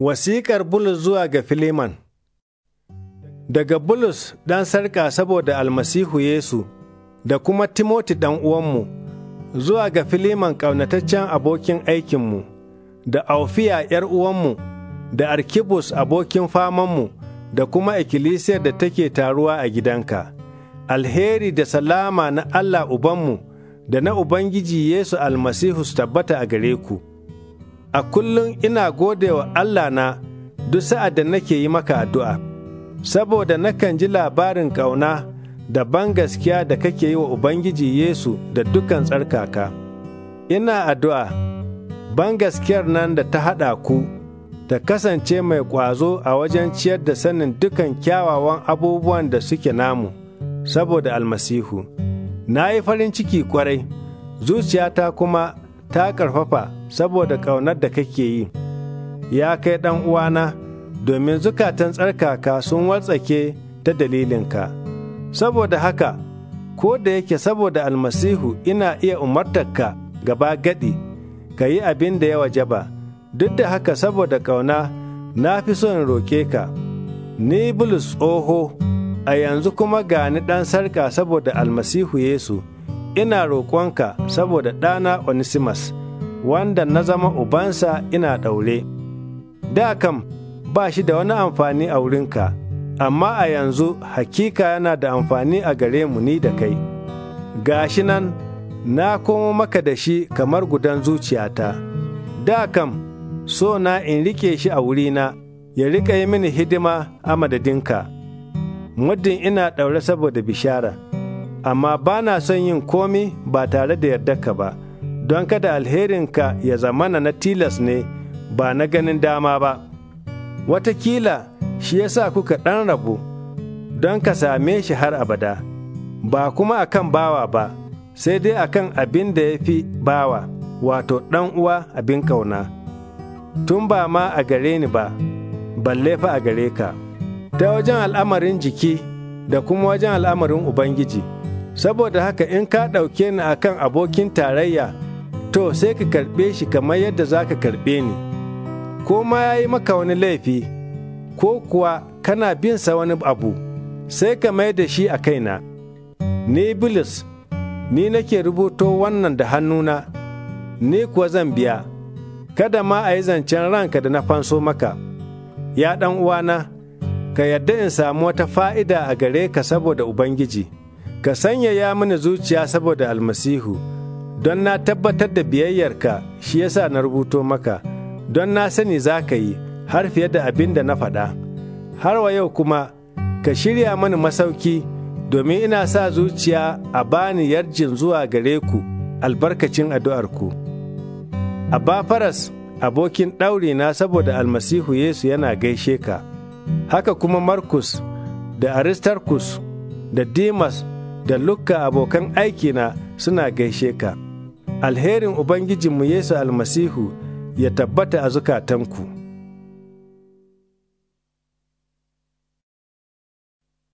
Wasiƙar Bulus zuwa ga Filiman Daga Bulus ɗan sarƙa saboda almasihu Yesu da kuma Timoti ɗan uwanmu, zuwa ga Filiman ƙaunataccen abokin aikinmu, da Aufiya ‘yar uwanmu, da Arkibus abokin famanmu, da kuma ikkilisiyar da take taruwa a gidanka. Alheri da salama na Allah Ubanmu da na Ubangiji Yesu almasihu su tabbata a gare ku. a kullum ina gode wa Allah na duk sa'ad da nake yi maka addu'a, saboda nakan ji labarin ƙauna da ban gaskiya da kake yi wa Ubangiji Yesu da dukan tsarkaka. Ina addu'a, ban gaskiyar nan da ta haɗa ku, ta kasance mai ƙwazo a wajen ciyar da sanin dukan kyawawan abubuwan da suke namu, saboda almasihu. Na yi farin ciki kwarai, zuciyata kuma ta ƙarfafa saboda ƙaunar da kake yi, ya kai ɗan uwana, domin zukatan tsarkaka sun wartsake ta dalilinka. Saboda haka, ko da yake saboda almasihu ina iya umartarka gaba gadi, ka yi abin da ya waje ba, duk da haka saboda ƙauna na fi son roƙe ka. Ni Bulus tsoho, a yanzu kuma gani ɗan sarka saboda almasihu Yesu. ina roƙonka saboda ɗana Onesimus, wanda na zama ubansa ina ɗaure. Da kam ba shi da wani amfani a wurinka, amma a yanzu hakika yana da amfani a gare mu ni da kai. Gashi nan, na komo maka da shi kamar gudan zuciyata. Da kam, so na in rike shi a wurina, ya riƙa yi mini hidima a madadinka. Muddin ina ɗaure saboda bishara. amma ba na son yin komi ba tare da yarda ka ba, don kada alherinka ya zamana na tilas ne ba na ganin dama ba. Watakila shi ya sa kuka ɗan rabu, don ka same shi har abada, ba kuma akan bawa ba, sai dai akan abin da ya fi bawa, wato ɗan uwa abin ƙauna. Tun ba ma a gare ni ba, balle fa a gare ka, ta wajen al'amarin jiki da kuma wajen al'amarin Ubangiji. saboda haka in ka ɗauke ni akan abokin tarayya to sai ka karɓe shi kamar yadda za ka karɓe ni ko ma ya yi maka wani laifi ko kuwa kana bin sa wani abu sai ka mai da shi a kaina ni bilis ni nake rubuto wannan da hannuna ni kuwa zan biya kada ma a yi zancen ranka da na fanso maka ya ɗan uwana ka yarda in samu wata fa'ida a gare ka saboda ubangiji ka sanyaya mini zuciya saboda almasihu don na tabbatar da biyayyarka shi yasa na rubuto maka don na sani za ka yi har fiye da abin da na faɗa har wa yau kuma ka shirya mani masauki domin ina sa zuciya a bani yarjin zuwa gare ku albarkacin addu'arku abba faras abokin ɗauri na saboda almasihu yesu yana gaishe ka haka kuma markus da aristarkus da dimas da luka abokan aikina suna gaishe ka. Alherin Ubangijinmu Yesu almasihu ya tabbata a zukatanku.